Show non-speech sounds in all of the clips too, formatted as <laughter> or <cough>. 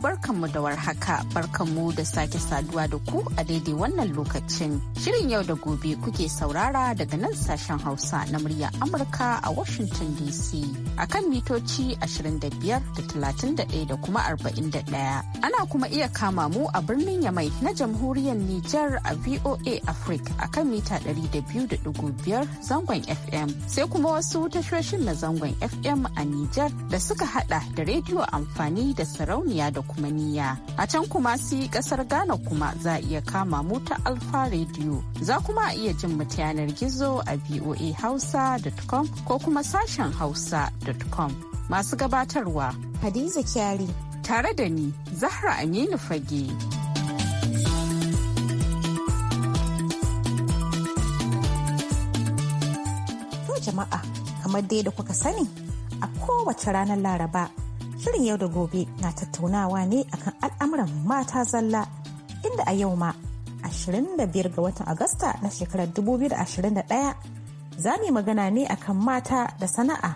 barkanmu da warhaka barkanmu da sake saduwa da ku a daidai wannan lokacin. Shirin yau da gobe kuke saurara daga nan sashen Hausa na murya Amurka a Washington DC a kan mitoci 25 da 31 da kuma 41. Ana kuma iya kama mu a birnin Yamai na jamhuriyar Nijar a VOA Africa a kan mita 200.5 zangon FM sai kuma wasu tashoshin na zangon FM a Nijar da suka hada da rediyo amfani da sarauniya da kuma niya. A can kuma si kasar Ghana kuma za a iya kama mu ta Alfa Radio. Za kuma a iya jin mu yanar gizo a voa Hausa.com ko kuma sashen hausa.com. Masu gabatarwa Hadiza Kyari. Tare da ni Zahra Aminu Fage. jama'a kamar dai da kuka sani a kowace ranar laraba Shirin yau da gobe na tattaunawa ne akan al'amuran mata zalla inda a yau ma 25 ga watan Agusta na shekarar 2021 za mu magana ne akan mata da sana'a.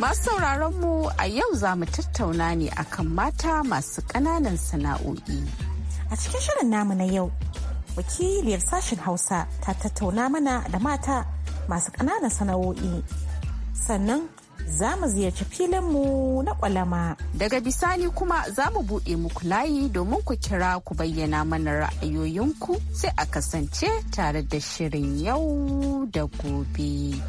Masu sauraron mu a yau za mu tattauna ne akan mata masu ƙananan sana'o'i. A cikin shirin namu na yau wakiliyar sashen hausa ta tattauna mana da mata masu ƙananan sana'o'i sannan za mu ziyarci mu na ƙwalama Daga bisani kuma za mu buɗe muku layi domin ku kira ku bayyana mana ra'ayoyinku sai a kasance tare da shirin yau da gobe.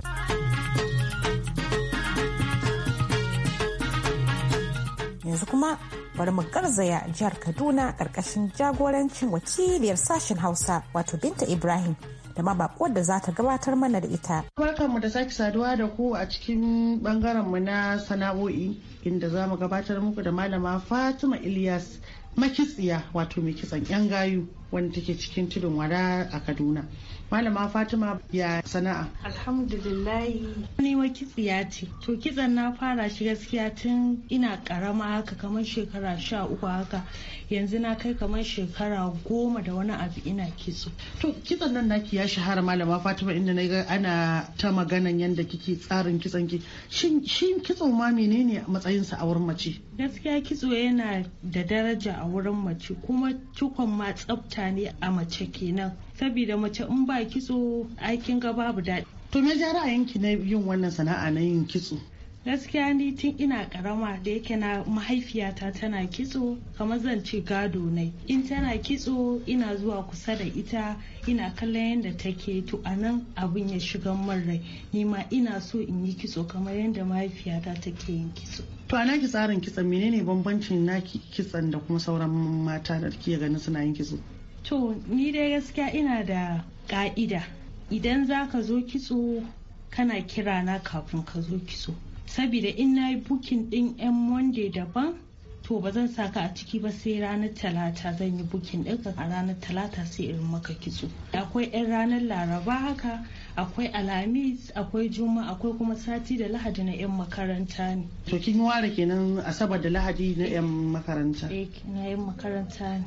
Yanzu kuma bari mu garzaya jihar kaduna karkashin jagorancin wakiliyar sashen hausa wato binta ibrahim da ma bako da za ta gabatar mana da ita. mu da sake saduwa da ku a cikin bangaren mu na sana'o'i inda za mu gabatar muku da malama Fatima Ilyas makitsiya wato mai kitsan 'yan gayu wanda take cikin tudun wada a Kaduna. Malama Fatima ya sana'a. Alhamdulillahi ni ma kitsiya ce. To kitsan na fara shi gaskiya tun ina karama haka kamar shekara sha uku haka yanzu na kai kamar shekara goma da wani abu ina kitso. To kitsan nan naki ya shahara malama Fatima inda na ga ana ta maganan yadda kike tsarin kitsan ki. Shin kitso ma menene matsayinsa a wurin mace? gaskiya kitso yana da daraja a wurin mace kuma cikon ma tsafta ne a mace kenan saboda mace in ba kitso aikin ga babu daɗi to me ja ra'ayinki na yin wannan sana'a na yin kitso gaskiya ni tun ina karama da yake na mahaifiyata tana kitso kamar zan ce gado ne in tana kitso ina zuwa kusa da ita ina kallon yadda take to a nan abin ya shiga min rai ma ina so in yi kitso kamar yadda mahaifiyata take yin kitso to a naki tsarin kitsan menene bambancin naki kitsan da kuma sauran mata da ke ganin suna yin kitso to ni dai gaskiya ina da ka'ida idan za ka zo kitso kana kira na kafin ka zo kitso saboda in na yi bukin din yan monday daban to ba zan sa ka a ciki ba sai ranar talata zan yi bukin ɗinka a ranar talata sai in maka kitso akwai yan ranar laraba haka akwai alhamis akwai juma akwai kuma sati da lahadi na 'yan makaranta ne to kin ware kenan asabar da lahadi na 'yan makaranta eh na 'yan makaranta ne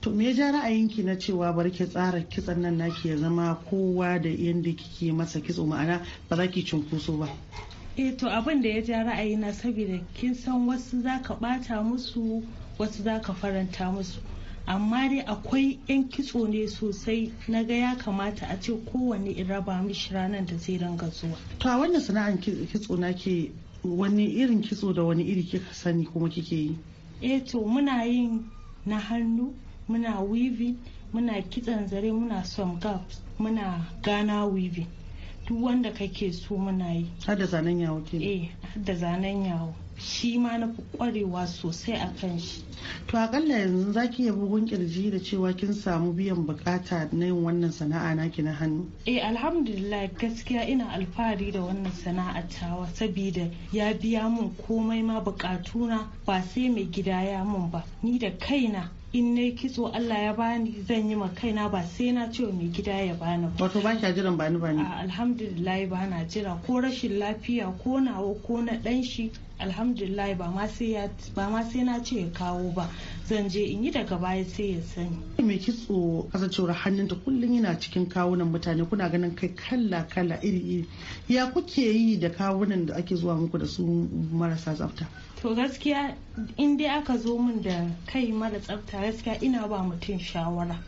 to me ya ja ra'ayinki na cewa bar ki tsara kitson nan naki ya zama kowa da yanda kike masa kitso ma'ana ba za ki cunkoso ba eh to abin da ya ja ra'ayina saboda kin san wasu zaka bata musu wasu zaka faranta musu amma dai akwai 'yan kitso ne sosai na ga ya kamata a ce kowanne in raba mishi ranar da zai ranga zuwa to a wannan sana'ar kitso na ke wani irin kitso da wani iri kika sani kuma kike yi eh to muna yin na hannu muna weaving muna kitsan zare muna somgap muna gana weaving duk wanda kake so muna yi har da zanen yawo ke eh har da zanen yawo shi ma na fi kwarewa sosai a kan shi to akalla yanzu za ki iya bugun kirji da cewa kin samu biyan bukata na yin wannan sana'a naki na hannu eh alhamdulillah gaskiya ina alfahari da wannan sana'a tawa saboda ya biya mun komai ma bukatuna ba sai mai gida ya mun ba ni da kaina in na kitso Allah ya bani zan yi ma kaina ba sai na ce mai gida ya bani ba. Wato ba jiran bani bani. Alhamdulillah ba na jira ko rashin lafiya ko nawa ko na dan shi alhamdulillah ba ma sai na ce ya kawo ba zan je in yi daga baya sai ya sani. mai kitso kasancewar ta kullum yana cikin kawunan mutane kuna ganin kai kala kala iri iri ya kuke yi da kawunan da ake zuwa muku da su marasa tsafta. to gaskiya in dai aka zo min da kai mara tsafta gaskiya ina ba mutum shawara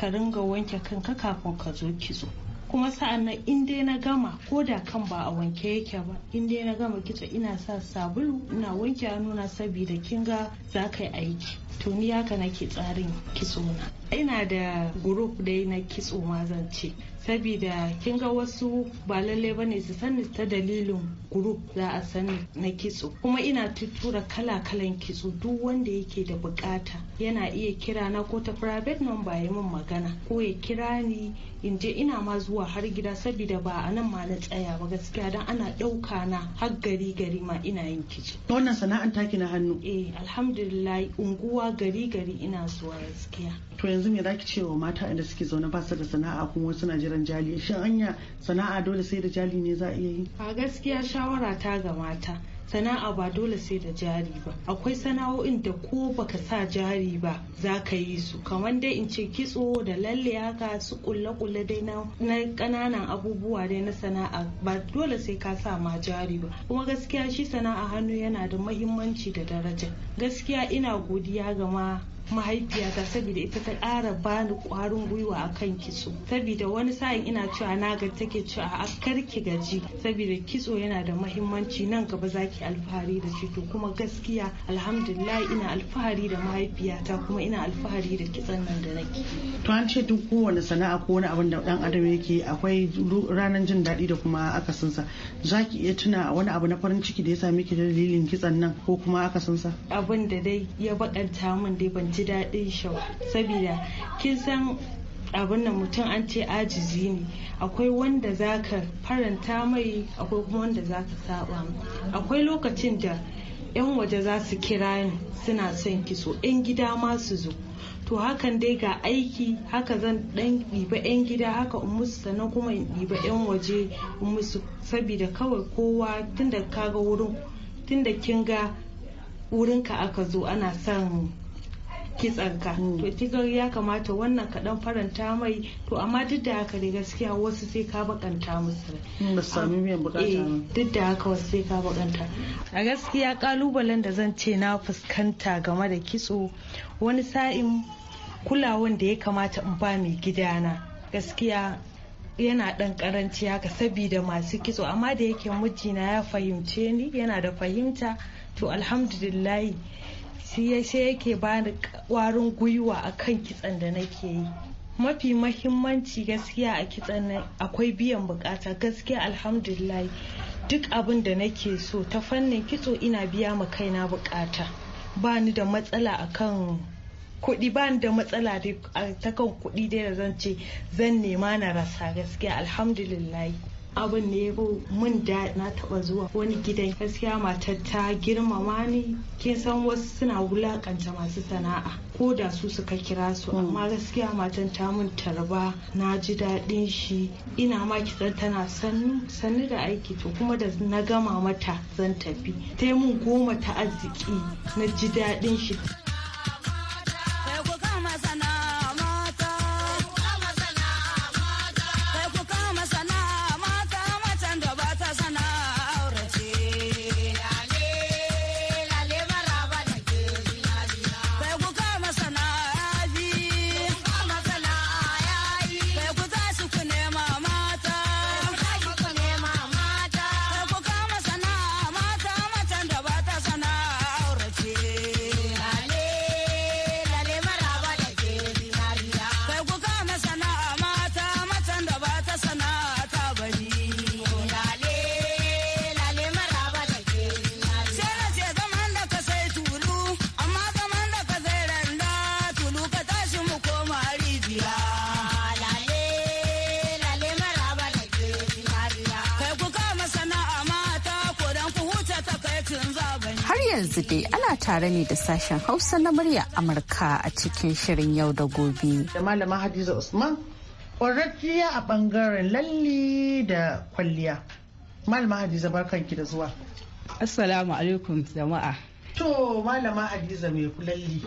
ka ringa wanke kanka kafin ka zo kitso kuma sa'an nan in dai na gama ko da kan ba a wanke yake ba in dai na gama kitso ina sa sabulu ina wanke hannuna saboda sabida kinga za ka yi aiki to ni haka nake tsarin kitsona. ina da group dai na kitso ma zan ce sabida kin ga wasu ba lallai bane su sani ta dalilin group za a sani na kitso kuma ina tuttura kala kalan kitso duk wanda yake da bukata yana iya kira na ko ta private number ya min magana ko ya kira ni in je ina ma zuwa har gida sabida ba a nan ma na tsaya ba gaskiya dan ana ɗauka na har gari gari ma ina yin kitso wannan sana'an taki na hannu eh alhamdulillah unguwa gari gari ina zuwa gaskiya yanzu me ki ce wa mata inda suke zaune ba su da sana'a kuma suna jiran jali shin anya sana'a dole sai da jali ne za a iya yi a gaskiya shawara ta ga mata sana'a ba dole sai da jari ba akwai sana'o'in da ko baka sa jari ba za ka yi su kamar dai in ce kitso da lalle haka su kulle kulle dai na kananan abubuwa dai na sana'a ba dole sai ka sa ma jari ba kuma gaskiya shi sana'a hannu yana da mahimmanci da daraja gaskiya ina godiya ga ma mahaifiyata saboda ita ta ƙara bani ƙwarin gwiwa a kan kitso saboda wani sa'in ina cewa na ga take cewa a karki gaji saboda kitso yana da mahimmanci nan gaba za ki alfahari da shi to kuma gaskiya alhamdulillah ina alfahari da mahaifiyata kuma ina alfahari da kitson nan da nake to an ce duk kowane sana'a ko wani abin da dan adam yake akwai ranar jin daɗi da kuma akasinsa zaki iya tuna wani abu na farin ciki da ya sami ki dalilin kitson nan ko kuma akasin sa. abin da dai ya bakanta min dai ban ji daɗin shau saboda kin san abin nan mutum an ce ajizi ne akwai wanda za ka faranta mai akwai kuma wanda ka saba akwai lokacin da 'yan waje za su kira ni suna son kitso 'yan gida ma su zo to hakan dai ga aiki haka zan dan ɗiba 'yan gida haka in musu sannan kuma in ɗiba 'yan waje in musu sabida kawai kowa tunda kaga wurin tunda kin ga wurinka aka zo ana son kitsanka mm. to kiga ya kamata wannan kaɗan faranta mai to amma duk da haka ne gaskiya wasu sai ka bakanta musu mm, ah, eh, ba duk da haka wasu sai ka bakanta a gaskiya kalubalen da zan ce na fuskanta game da kitso wani sa'in kulawan da ya kamata in ba mai gidana gaskiya yana ɗan karanci haka sabida masu kitso amma da yake mijina ya fahimce ni yana da fahimta to alhamdulillahi shi ya sai yake bani kwarin gwiwa akan kitsan da nake yi mafi mahimmanci gaskiya a kitsan nan akwai biyan bukata gaskiya alhamdulillah duk abin da nake so ta fannin kitso ina biya ma kaina bukata ba ni da matsala akan kuɗi ba ni da matsala ta kan kuɗi dai da zan ce zan nema na rasa gaskiya alhamdulillah abin ne ya mun da na taba zuwa wani gidan gaskiya matar ta girmama ni kin san wasu suna wulakanta masu sana'a ko da su suka kira su hmm. amma gaskiya matar ta mun tarba na ji daɗin shi ina ma san tana sannu sannu da aiki to kuma da na gama mata zan tafi ta mun goma ta arziki na ji daɗin shi gobe ana tare ne da sashen Hausa na murya Amurka a cikin shirin yau da gobe. Da malama Hadiza Usman ƙwararriya a ɓangaren lalli da kwalliya. Malama Hadiza barkanki da zuwa. Assalamu alaikum jama'a. To malama Hadiza mai lalli.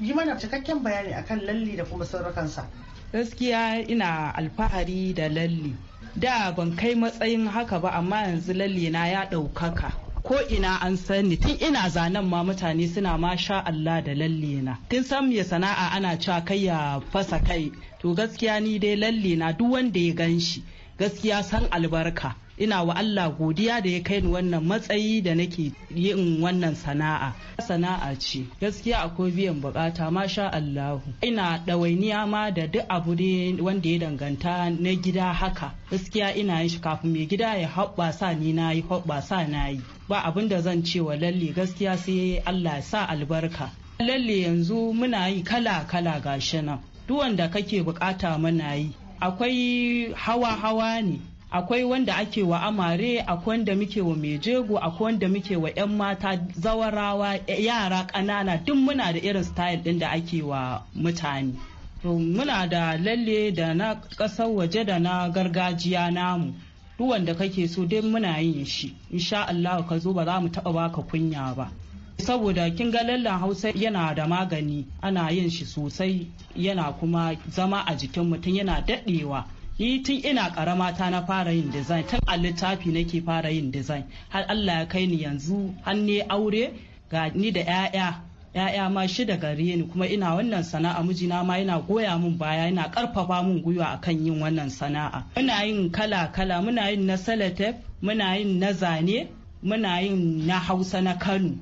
Yi mana cikakken bayani akan lalli da kuma saurakansa. Gaskiya ina alfahari da lalli. da ban kai matsayin haka ba amma yanzu lalli na ya ɗaukaka ko ina an sani tun ina zanen ma mutane suna ma sha Allah da lalle na tun san me sana'a ana cewa kai ya fasa kai to gaskiya ni dai lalle na duk wanda ya gan shi gaskiya san albarka ina wa Allah godiya da ya kai ni wannan matsayi da nake yin wannan sana'a sana'a ce gaskiya akwai biyan bukata masha Allahu ina ɗawainiya ma da duk abu ne wanda ya danganta na gida haka gaskiya ina yin shi kafin mai gida ya hoɓɓasa ni na yi hoɓɓasa na yi ba abin da zan ce wa lalle gaskiya sai Allah ya sa albarka lalle yanzu muna yi kala kala gashi nan duk wanda kake bukata muna yi akwai hawa hawa ne akwai wanda ake wa amare akwai wanda muke wa mejego akwai wanda muke wa 'yan mata zawarawa yara ƙanana duk muna da irin style ɗin da ake wa mutane muna da lalle da na ƙasar waje da na gargajiya namu duk wanda kake so dai muna yin shi insha Allah ka zo ba za mu taɓa baka kunya ba saboda kin ga lallan hausa yana da magani ana yin shi sosai yana kuma zama a jikin mutum yana daɗewa ni tun ina karama na fara yin design tun a littafi nake fara yin design har Allah ya kai ni yanzu hannu aure ga ni da 'ya'ya ya'ya ma shi da gare ni kuma ina wannan sana'a mijina ma yana goya min baya yana karfafa min gwiwa akan yin wannan sana'a muna yin kala kala muna yin na selotep muna yin na zane muna yin na hausa na kano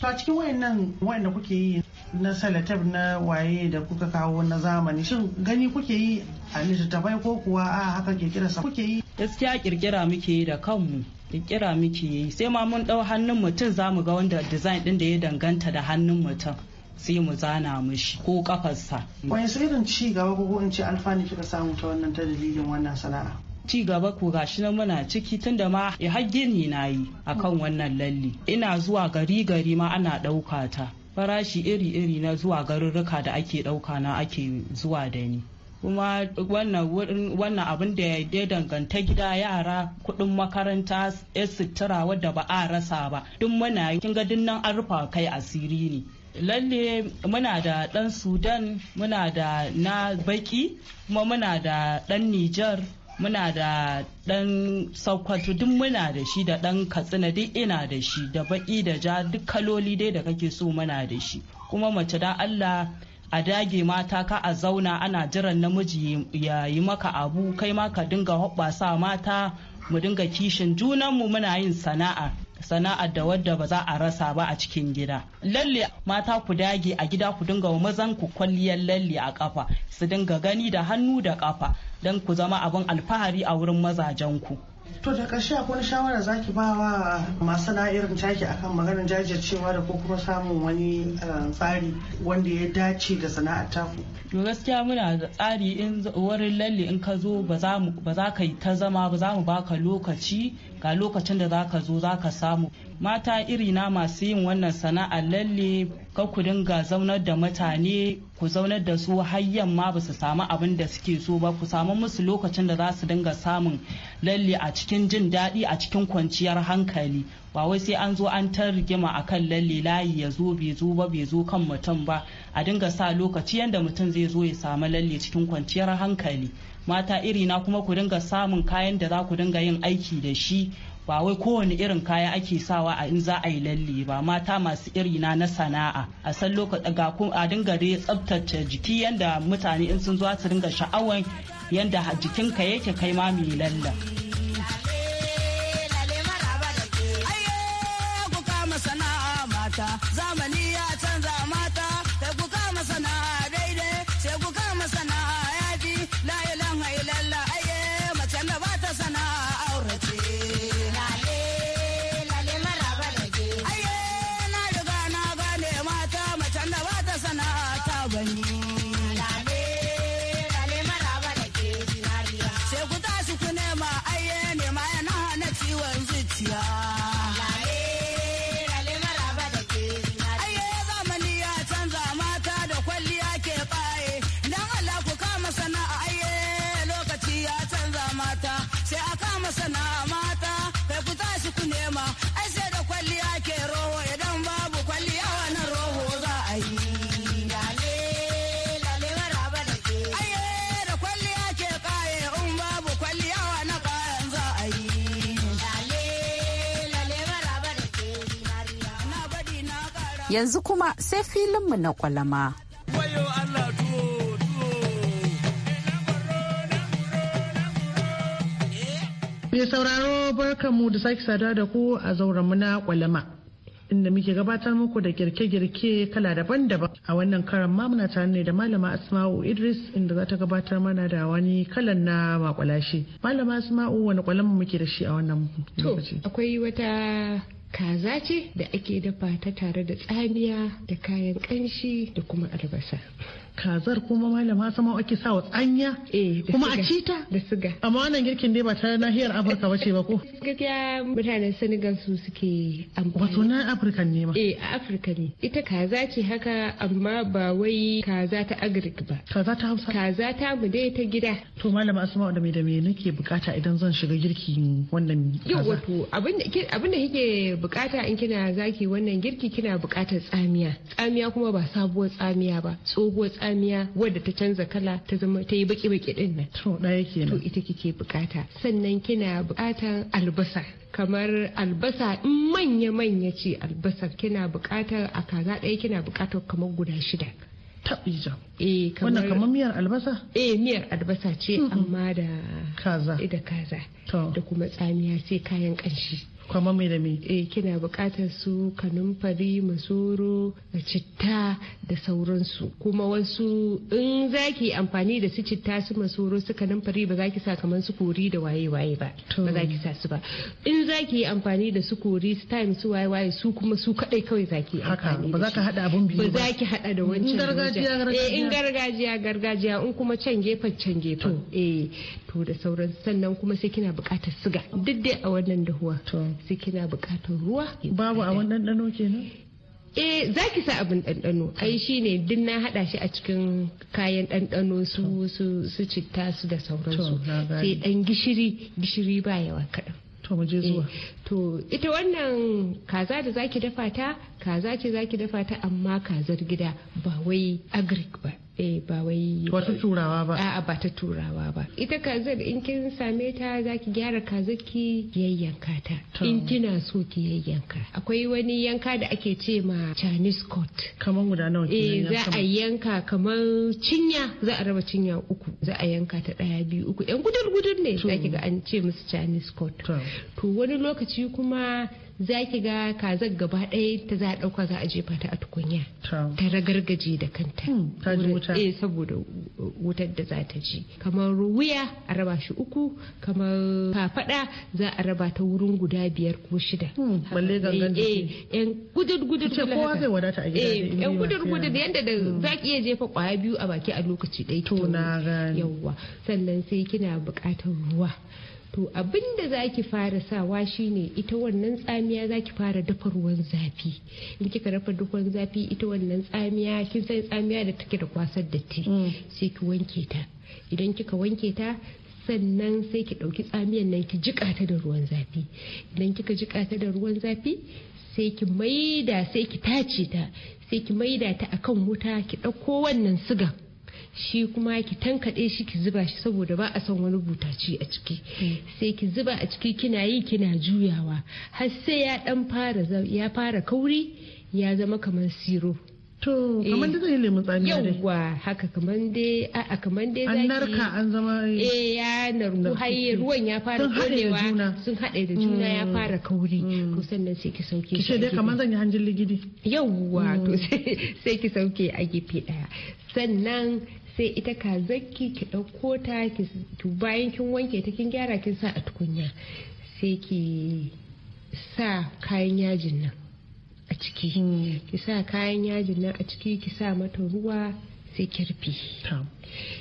ta cikin wayannan wayanda kuke yi na salatab na waye da kuka kawo na zamani shin gani kuke yi a littattafai ko kuwa a haka ke sa kuke yi gaskiya kirkira muke yi da kanmu kirkira muke yi sai ma mun dau hannun mutum zamu ga wanda design din da ya danganta da hannun mutum sai mu zana mishi ko kafarsa wani irin ci gaba ko in ce alfani kika samu ta wannan ta dalilin wannan sana'a ci gaba ko gashi nan muna ciki tunda ma ya eh, har gini na yi akan wannan lalle ina zuwa gari gari ma ana ɗauka ta farashi iri-iri na zuwa garurruka da ake ɗauka na ake zuwa da ni kuma wannan abin da ya danganta gida yara kudin makaranta ya sutura wadda ba a rasa ba duk muna kin ga nan an rufa kai asiri ne lalle muna da dan sudan muna da na baki kuma muna da dan nijar muna da ɗan saukwatu duk muna da shi da ɗan katsina duk ina da shi da baki da ja duk kaloli dai da kake so muna da shi kuma mace da allah a dage mata ka a zauna ana jiran namiji ya yi maka abu kai ma ka dinga hoɓɓasa mata mu dinga kishin junanmu muna yin sana'a sana'ar da wadda ba za a rasa ba a cikin gida lalle mata ku dage a gida ku dinga mazan ku kwalliyar lalle a kafa su dinga gani da hannu da kafa don ku zama abin alfahari a wurin mazajen ku to da ƙarshe akwai wani shawara zaki ba wa masu na'irin taki akan maganar jajircewa da ko kuma samun wani eh, tsari wanda ya dace da sana'ar taku to gaskiya muna da tsari in wurin lalle in ka zo ba za ka yi ta zama ba za mu baka lokaci ga lokacin da za ka zo zaka samu mata iri na masu yin wannan sana'a lalle ka ku dinga zaunar da mutane ku zaunar da su har yamma ba su samu abin da suke so ba ku samu musu lokacin da za su dinga samun lalle a cikin jin daɗi a cikin kwanciyar hankali ba wai sai an zo an ta rigima a kan lalle layi ya zo bai zo ba bai zo kan mutum ba a dinga sa lokaci yadda mutum zai zo ya samu lalle cikin kwanciyar hankali mata iri na kuma ku dinga samun kayan da za ku dinga yin aiki da shi ba wai kowane irin kaya ake sawa a in za a yi lalle ba mata masu iri na na sana'a a san lokaci ga a dinga dai tsabtace jiki yadda mutane in sun zo su dinga sha'awan yadda jikinka yake kai ma mai lalle. Yanzu kuma sai filinmu na kwalama. Mai sauraro barkanmu da sake saduwa da ku a zauren na kwalama. inda muke gabatar muku da girke-girke kala daban-daban a wannan karan ma muna tare ne da malama asma'u idris inda za ta gabatar mana da wani kalan na makwalashi malama asma'u wani kwalama muke da shi a wannan lokaci akwai wata kaza ce da ake dafa ta tare da tsamiya da kayan kanshi da kuma albasa kazar kuma malama sama ake sawa tsanya eh, kuma a cita da siga amma wannan girkin dai ba ta nahiyar afirka ba ce ba ko gaskiya mutanen senegal su suke amfani wato na afirka ne ma eh afirka ne ita kaza ce haka amma ba wai kaza ta agric ba kaza ta hausa kaza ta mu dai ta gida to malama asma da me da me nake bukata idan zan shiga girkin wannan kaza wato abin da kike bukata in kina zaki wannan girki kina bukatar tsamiya tsamiya kuma ba sabuwar tsamiya ba tsohuwar tsamiya wadda ta canza kala ta zama ta yi baki baki din nan to ɗaya kenan to ita kike bukata sannan kina bukatan albasa kamar albasa in manya manya ce albasa kina bukatar a kaza ɗaya kina bukatar kamar guda shida taɓija. Eh, kamar, Wannan kamar miyar albasa? Eh, miyar albasa ce amma da kaza. Da kaza. Da kuma tsamiya sai kayan ƙanshi. kwama mai da me? Eh kina bukatar su kanumfari, masoro, citta da sauransu. Kuma wasu in zaki amfani da su citta su masoro su kanumfari ba za ki sa kamar su kori da waye-waye ba. Ba za ki sa su ba. In zaki yi amfani da su kori su time su waye-waye su kuma su kadai kawai za ki amfani da Haka ba za ka abun biyu ba. Ba za ki haɗa da wancan. Eh, in gargajiya gargajiya. Eh in gargajiya gargajiya in kuma can gefen can gefen. Eh to da sauran sannan kuma sai kina buƙatar siga duk dai a wannan dahuwa sai kina buƙatar ruwa babu a wannan dano kenan eh za ki sa abin ɗanɗano ai shi ne na haɗa shi a cikin kayan ɗanɗano su su citta su da sauransu sai ɗan gishiri gishiri ba yawa kaɗan to mu je zuwa eh, to ita wannan kaza da zaki dafa ta kaza ce zaki dafa ta amma kazar gida ba wai agric ba eh ba wai ba ta turawa ba a'a ba ta turawa ba ita kazar in kin same ta zaki gyara kazar ki yayyanka ta in kina so ki yayyanka akwai wani yanka da ake ce ma Chinese court kaman guda nawa eh za a yanka kaman cinya za a raba cinya uku za a yanka ta daya biyu uku yan gudur gudul ne zaki ga an ce musu Chinese court to wani lokaci kuma za ki ga kazar gaba ɗaya ta za a ɗauka za a jefa ta a tukunya ta ragargaje da kanta hmm, eh saboda wutar da za ta ji kamar wuya a raba shi uku kamar kafada za a raba ta wurin guda biyar ko shida hmm, balle gangan da eh, jiki eh, yan gudud gudud ce kowa zai wadata a gida eh, yan gudud gudud yanda da hmm. za ki iya jefa kwaya biyu a baki a lokaci ɗaya to na gani yawwa sannan sai kina buƙatar ruwa to abin da za ki fara sawa shine ita wannan tsamiya za ki fara dafa ruwan zafi in kika dafa ruwan zafi ita wannan tsamiya kin san tsamiya da take da kwasar datti mm. sai ki wanke ta idan kika wanke ta sannan sai ki ɗauki tsamiyan nan ki jika ta da ruwan zafi idan kika jika ta da ruwan zafi sai ki maida sai ki tace ta sai ki maida ta akan wuta ki ɗauko wannan sigan shi kuma ki tankaɗe shi ki zuba shi saboda ba a son wani butaci a ciki mm. sai ki zuba a ciki kina yi kina juyawa har sai ya dan fara ya fara kauri ya zama kamar siro To, kamar da zai lemu tsami dai. Yawwa, haka kamar dai, a'a kamar dai zaki. An narka an zama. Eh, ya narku har ruwan ya fara kodewa. Sun haɗe da juna. ya mm. fara kauri. Ko mm. sannan sai ki sauke. Ki ce dai kamar zan yi hanjin ligidi. Yawwa, to sai ki sauke a gefe ɗaya. Sannan sai ita kazakki ki ɗauko ta bayan kin wanke ta kin gyara kin sa a tukunya sai ki sa kayan yajin nan a ciki hmm. ki sa kayan yajin nan a ciki ki sa mata ruwa sai ki rufe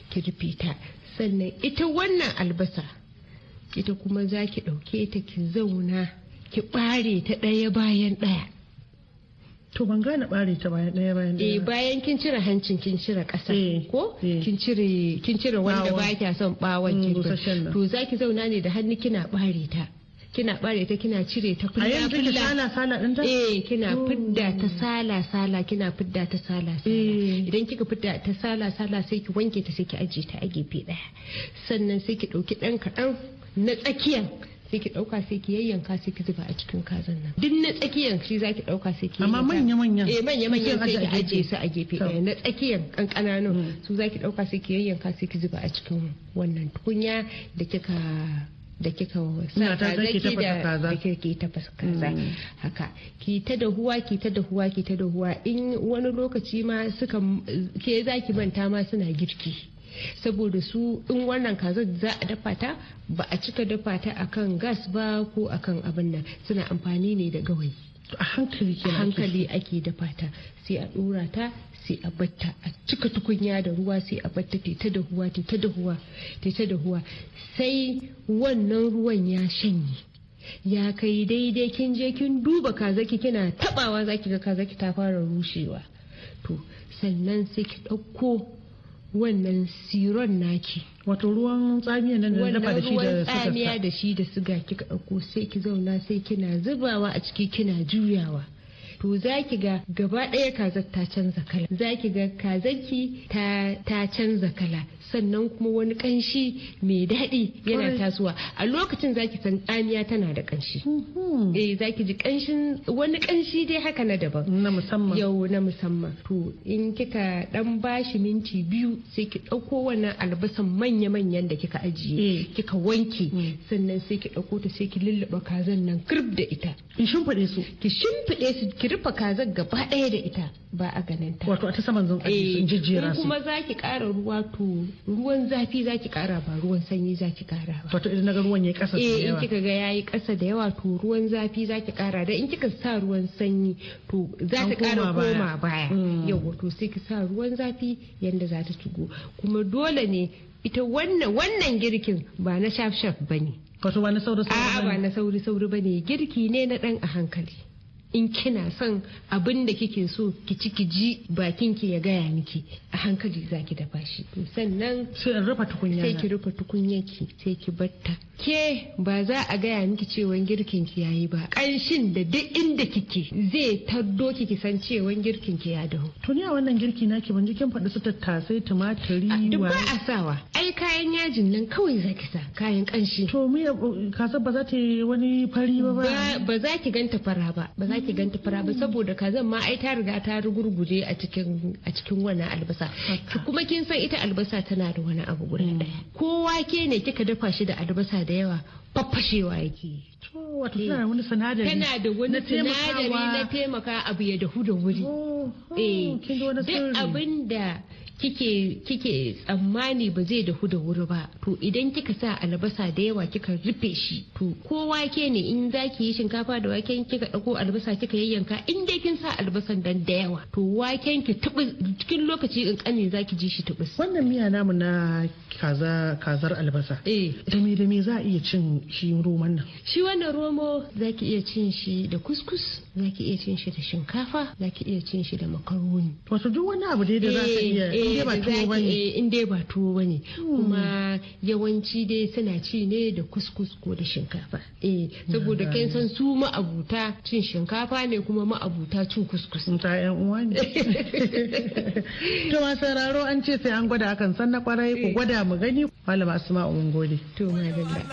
ki rufe ta sannan ita wannan albasa ita kuma za ki ɗauke ta ki zauna ki ɓare ta ɗaya bayan ɗaya To ban gane bare ta bayan ɗaya bayan ɗaya. Eh bayan kin cire hancin kin cire kasa eh, ko eh. kin cire kin cire wanda ba kya son bawon mm, kin. To zaki zauna ne da hannu kina bare ta. kina bare ta kina cire ta kulla kulla a sala sala din ta eh kina oh. fidda ta sala sala kina fidda ta sala sala eh. idan kika fidda ta sala sala sai ki wanke ta sai ki ajiye ta a gefe daya sannan sai ki dauki dan kadan na tsakiyan sai ki dauka sai ki yayyanka sai ki zuba a cikin kazan nan duk na tsakiyan shi ki dauka sai ki amma manya manya eh manya manya sai ki aje su a gefe ɗaya na tsakiyan kankananan hmm. su ki dauka sai ki yayyanka sai ki zuba a cikin wannan tukunya da kika da kika sa zaki da ke tafasa kaza hmm. haka ki ta da huwa ki ta da huwa ki ta da huwa in wani lokaci ma suka ke zaki manta ma suna girki saboda su in wannan kazar za a dafa ta ba a cika dafa ta akan gas ba ko akan abin nan suna amfani ne da gawayi a hankali a hankali ake dafa ta sai a dora ta sai a batta a cika tukunya da ruwa sai a batta ta dahuwa ta dahuwa ta ruwa. sai wannan ruwan ya shanye ya kai daidai kin je kin duba kazaki kina tabawa zaki ga ki ta fara rushewa to sannan sai ki ɗauko wannan siron naki wato ruwan tsamiya nan da dafa da shi da ruwan tsamiya da shi da suga kika dauko sai ki zauna sai kina zubawa a ciki kina juyawa to za ki ga gaba ɗaya kazar ta canza kala za ki ga kazarki ta, ta canza kala sannan kuma wani kanshi mai daɗi yana tasowa a lokacin za ki san tsamiya tana da kanshi mm-hmm. eh za ki ji kanshin wani kanshi dai haka na daban na musamman yau na musamman to in kika dan bashi minti biyu sai ki ɗauko wannan albasan manya-manyan da kika ajiye eh. kika wanke mm. sannan sai ki ɗauko ta sai ki lulluɓa kazan nan kirb da ita ki shimfiɗe su ki shimfiɗe su ki rufe kazar gaba ɗaya da ita ba a ganin ta wato a ta saman zan eh, jijjera su kuma zaki ƙara ruwa to ruwan zafi zaki ƙara ba ruwan sanyi zaki ƙara ba wato idan naga ruwan ya yi ƙasa da yawa eh in kika ga yi ƙasa da yawa to ruwan zafi zaki ƙara da in kika sa ruwan sanyi to za ta ƙara koma baya yawa hmm. to sai ki sa ruwan zafi yanda za ta shigo kuma dole ne ita wannan wannan girkin ba na shaf shaf bane wato ba na sauri sauri ba ne girki ne na dan a hankali in kina son abin da kike so ki ci ki ji bakin ki ya gaya miki a hankali za ki dafa shi sannan sai in rufe sai ki rufe tukunya ki sai ki batta ke ba za a gaya miki cewa girkin ki yayi ba kanshin da duk inda kike zai taddo ki ki san cewa girkin ki ya dahu to ni a wannan girki naki ban ji kin faɗi su tattasai tumatiri, wa ba a sawa ai kayan yajin nan kawai za ki sa kayan kanshi to miya kasa ba za ta yi wani fari ba ba za ki ganta fara ba ba za sake ganta fara ba saboda kazan ma ai ta riga ta rugurguje a cikin a cikin wannan albasa kuma kin san ita albasa tana da wani abu guda daya mm. kowa ke ne kika dafa shi da albasa da yawa faffashewa yake tana da wani sinadari na taimaka abu ya dahu da wuri eh duk abin da kike kike tsammani ba zai dahu da wuri ba to idan kika sa albasa da yawa kika rufe shi to ko wake ne in zaki yi shinkafa da waken kika dauko albasa kika yayyanka in dai kin sa albasan dan da yawa to waken ki tubi cikin lokaci in kane zaki ji shi tubis wannan miya namu na kaza kazar albasa eh da me da me za a iya cin shi roman nan shi wannan romo zaki iya cin shi da kuskus za ki iya cin shi da shinkafa za ki iya cin shi da makaroni wato duk wani abu dai da za ka eh, iya in eh, tuwo ba eh, tuwo ne hmm. kuma yawanci dai suna ci ne da kuskus ko da shinkafa eh saboda hmm. kai san su ma'abuta cin shinkafa ne kuma ma'abuta cin kuskus ta yan uwa ne <laughs> to ma sararo an ce sai an gwada akan san na kwarai ku gwada mu gani malama asma'u mun gode to gani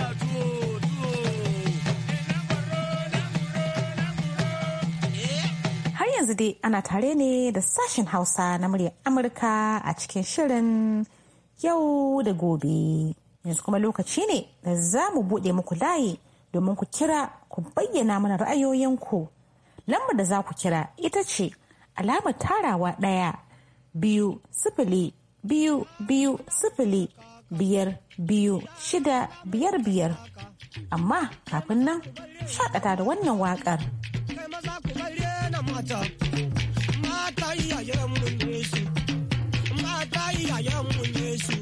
yanzu dai ana tare ne da sashen Hausa na muryar Amurka a cikin shirin yau da gobe. Yanzu kuma lokaci ne da za mu buɗe muku layi domin ku kira ku bayyana mana ra'ayoyinku. Lambar da za ku kira ita ce alamar tarawa ɗaya biyu sifili biyu biyu sifili biyar biyu shida biyar biyar amma kafin nan shaƙata da wannan waƙar. mata mata iyayen mu ne su mata iyayen mu ne su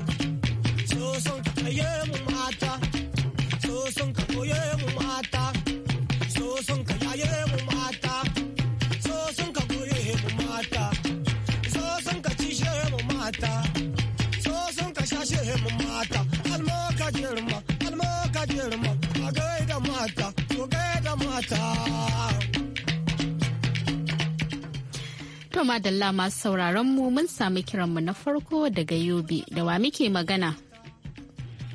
so son ka koye mu mata so son ka koye mu mata so son ka yaye mu mata so son ka koye mu mata so son ka ci she mu mata so son ka sha shashe mu mata almo ka girma almo ka girma a gaida mata ko gaida mata To madalla masu sauraron mu mun sami kiranmu na farko daga Yobe da wa muke magana.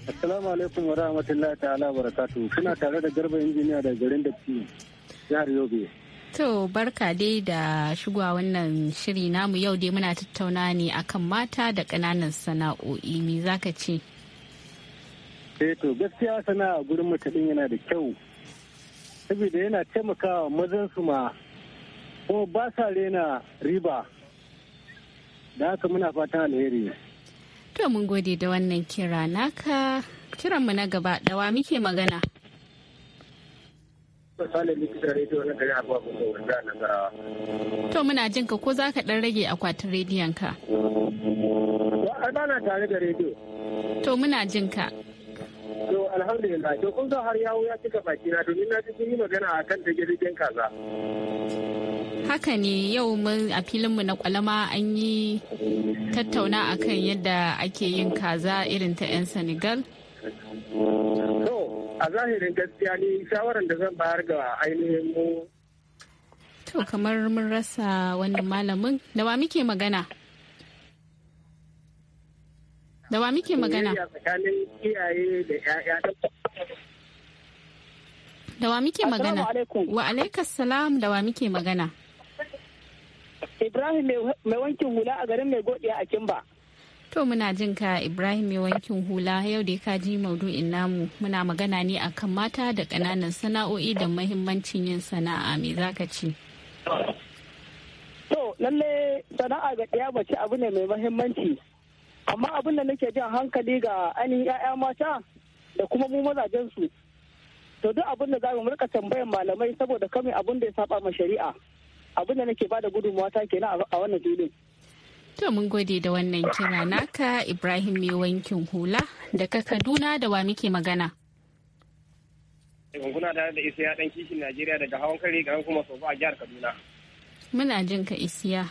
Assalamu alaikum wa rahmatullahi ta'ala wa barakatuhu. Kuna tare da garba injiniya da garin da jihar Yobe. To barka dai da shigowa wannan shiri namu yau dai muna tattauna ne akan mata da kananan sana'o'i me zaka ce? Eh to gaskiya sana'a gurin mutum yana da kyau. Saboda yana taimakawa mazan su ma ko ba sa rena riba da haka muna fata alheri to mun gode da wannan kira naka kiranmu na gaba wa muke magana To muna jin ka ko za ka ɗan rage akwatin rediyon ka? Ba na tare da rediyo. To muna jin ka. To alhamdulillah to kun har yawo ya cika baki na domin na ji magana a kan jirgin kaza. Haka ne yau mun a mu na kwalama an yi tattauna akan yadda ake yin kaza irin ta 'yan Senegal. To a zahirin gaskiya ne shawarar da zan bayar ga ainihin mu. To kamar mun rasa wannan malamin da ba muke magana. Da wa muke magana? da wa muke magana? Wa alaikas salam da wa muke magana? Ibrahim mai wankin hula a garin mai godiya a Kimba. To muna jin ka Ibrahim mai wankin hula yau da ka ji maudu'in namu muna magana ne akan mata da kananan sana'o'i da mahimmancin yin sana'a me zaka ce? To lalle sana'a ga ɗaya mace abu ne mai mahimmanci amma abin da nake jan hankali ga ani 'ya'ya mata da kuma mu mazajen su to duk abin da zamu rika tambayan malamai saboda kame abin da ya saba ma shari'a abin da nake bada gudunmawa ta kenan a wannan filin to mun gode da wannan kira naka Ibrahim mai wankin hula daga Kaduna da wa muke magana kuna tare da isiya dan kishin Najeriya daga hawan kare garin kuma sofa a jihar Kaduna muna jin ka isiya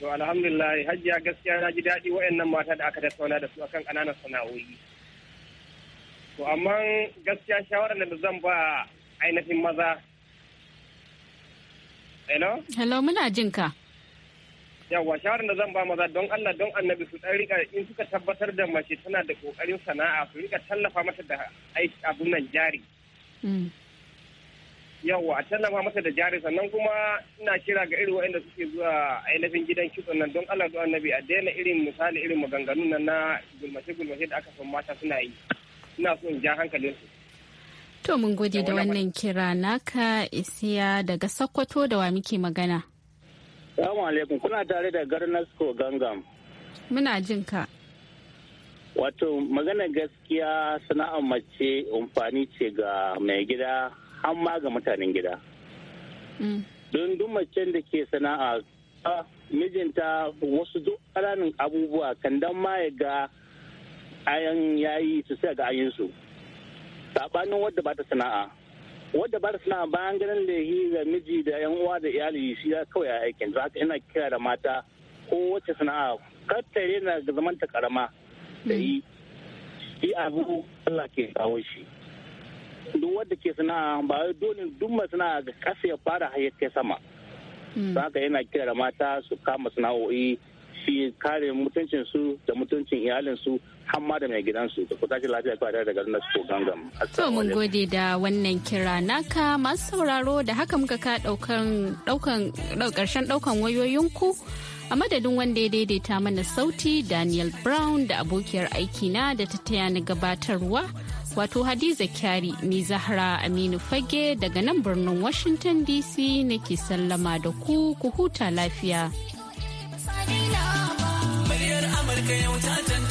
To alhamdulillah hajiya gaskiya na ji daɗi wa'annan mata da aka tattauna da su akan ƙananan sana'o'i. To amma gaskiya shawarar da zan ba ainihin maza. Hello? Hello muna jin Yawwa shawarar da zan ba maza don Allah don annabi su ɗan rika in suka tabbatar da mace tana da ƙoƙarin sana'a su rika tallafa mata da abin nan jari. Mm. yawa a tallafa masa da jari sannan kuma ina kira ga irin waɗanda suke zuwa ainihin gidan kitso nan don Allah zuwa annabi a daina irin misali irin maganganun nan na gulmace gulmace da aka san mata suna yi ina so in ja hankalin su to mun gode da wannan kira naka isiya daga Sokoto da wa muke magana Assalamu alaikum kuna tare da Garnasko Gangam Muna jin ka Wato magana gaskiya sana'ar mace amfani ce ga mai gida ma ga mutanen gida don duk da ke sana'a mijinta wasu duk ƙananan abubuwa kan dan ma ya ga ayan yayi su sai ga ayinsu sabanin wadda ba ta sana'a wadda ba ta sana'a bayan ganin da yi ga miji da yan uwa da iyali shi ya kawai a aikin haka ina kira da mata ko wacce sana'a kar ta ga zaman ta karama da yi shi abu Allah ke kawo shi duk wanda ke sana'a ba dole duk mai sana'a ga kasa ya fara har sama hmm. don haka yana kira da mata su kama sana'o'i shi kare mutuncin su da mutuncin iyalin su hamma da mai gidansu da kuta lafiya ba da garin nasu ko gangan. To mun gode da wannan kira naka masu sauraro da haka muka ka daukan karshen daukan wayoyinku a madadin wanda ya daidaita mana sauti Daniel Brown da abokiyar aikina da ta taya ni gabatarwa. wato Hadiza Kyari ni Zahra Aminu Fage daga nan birnin Washington DC nake sallama da ku ku huta lafiya. Muryar Amurka yau ta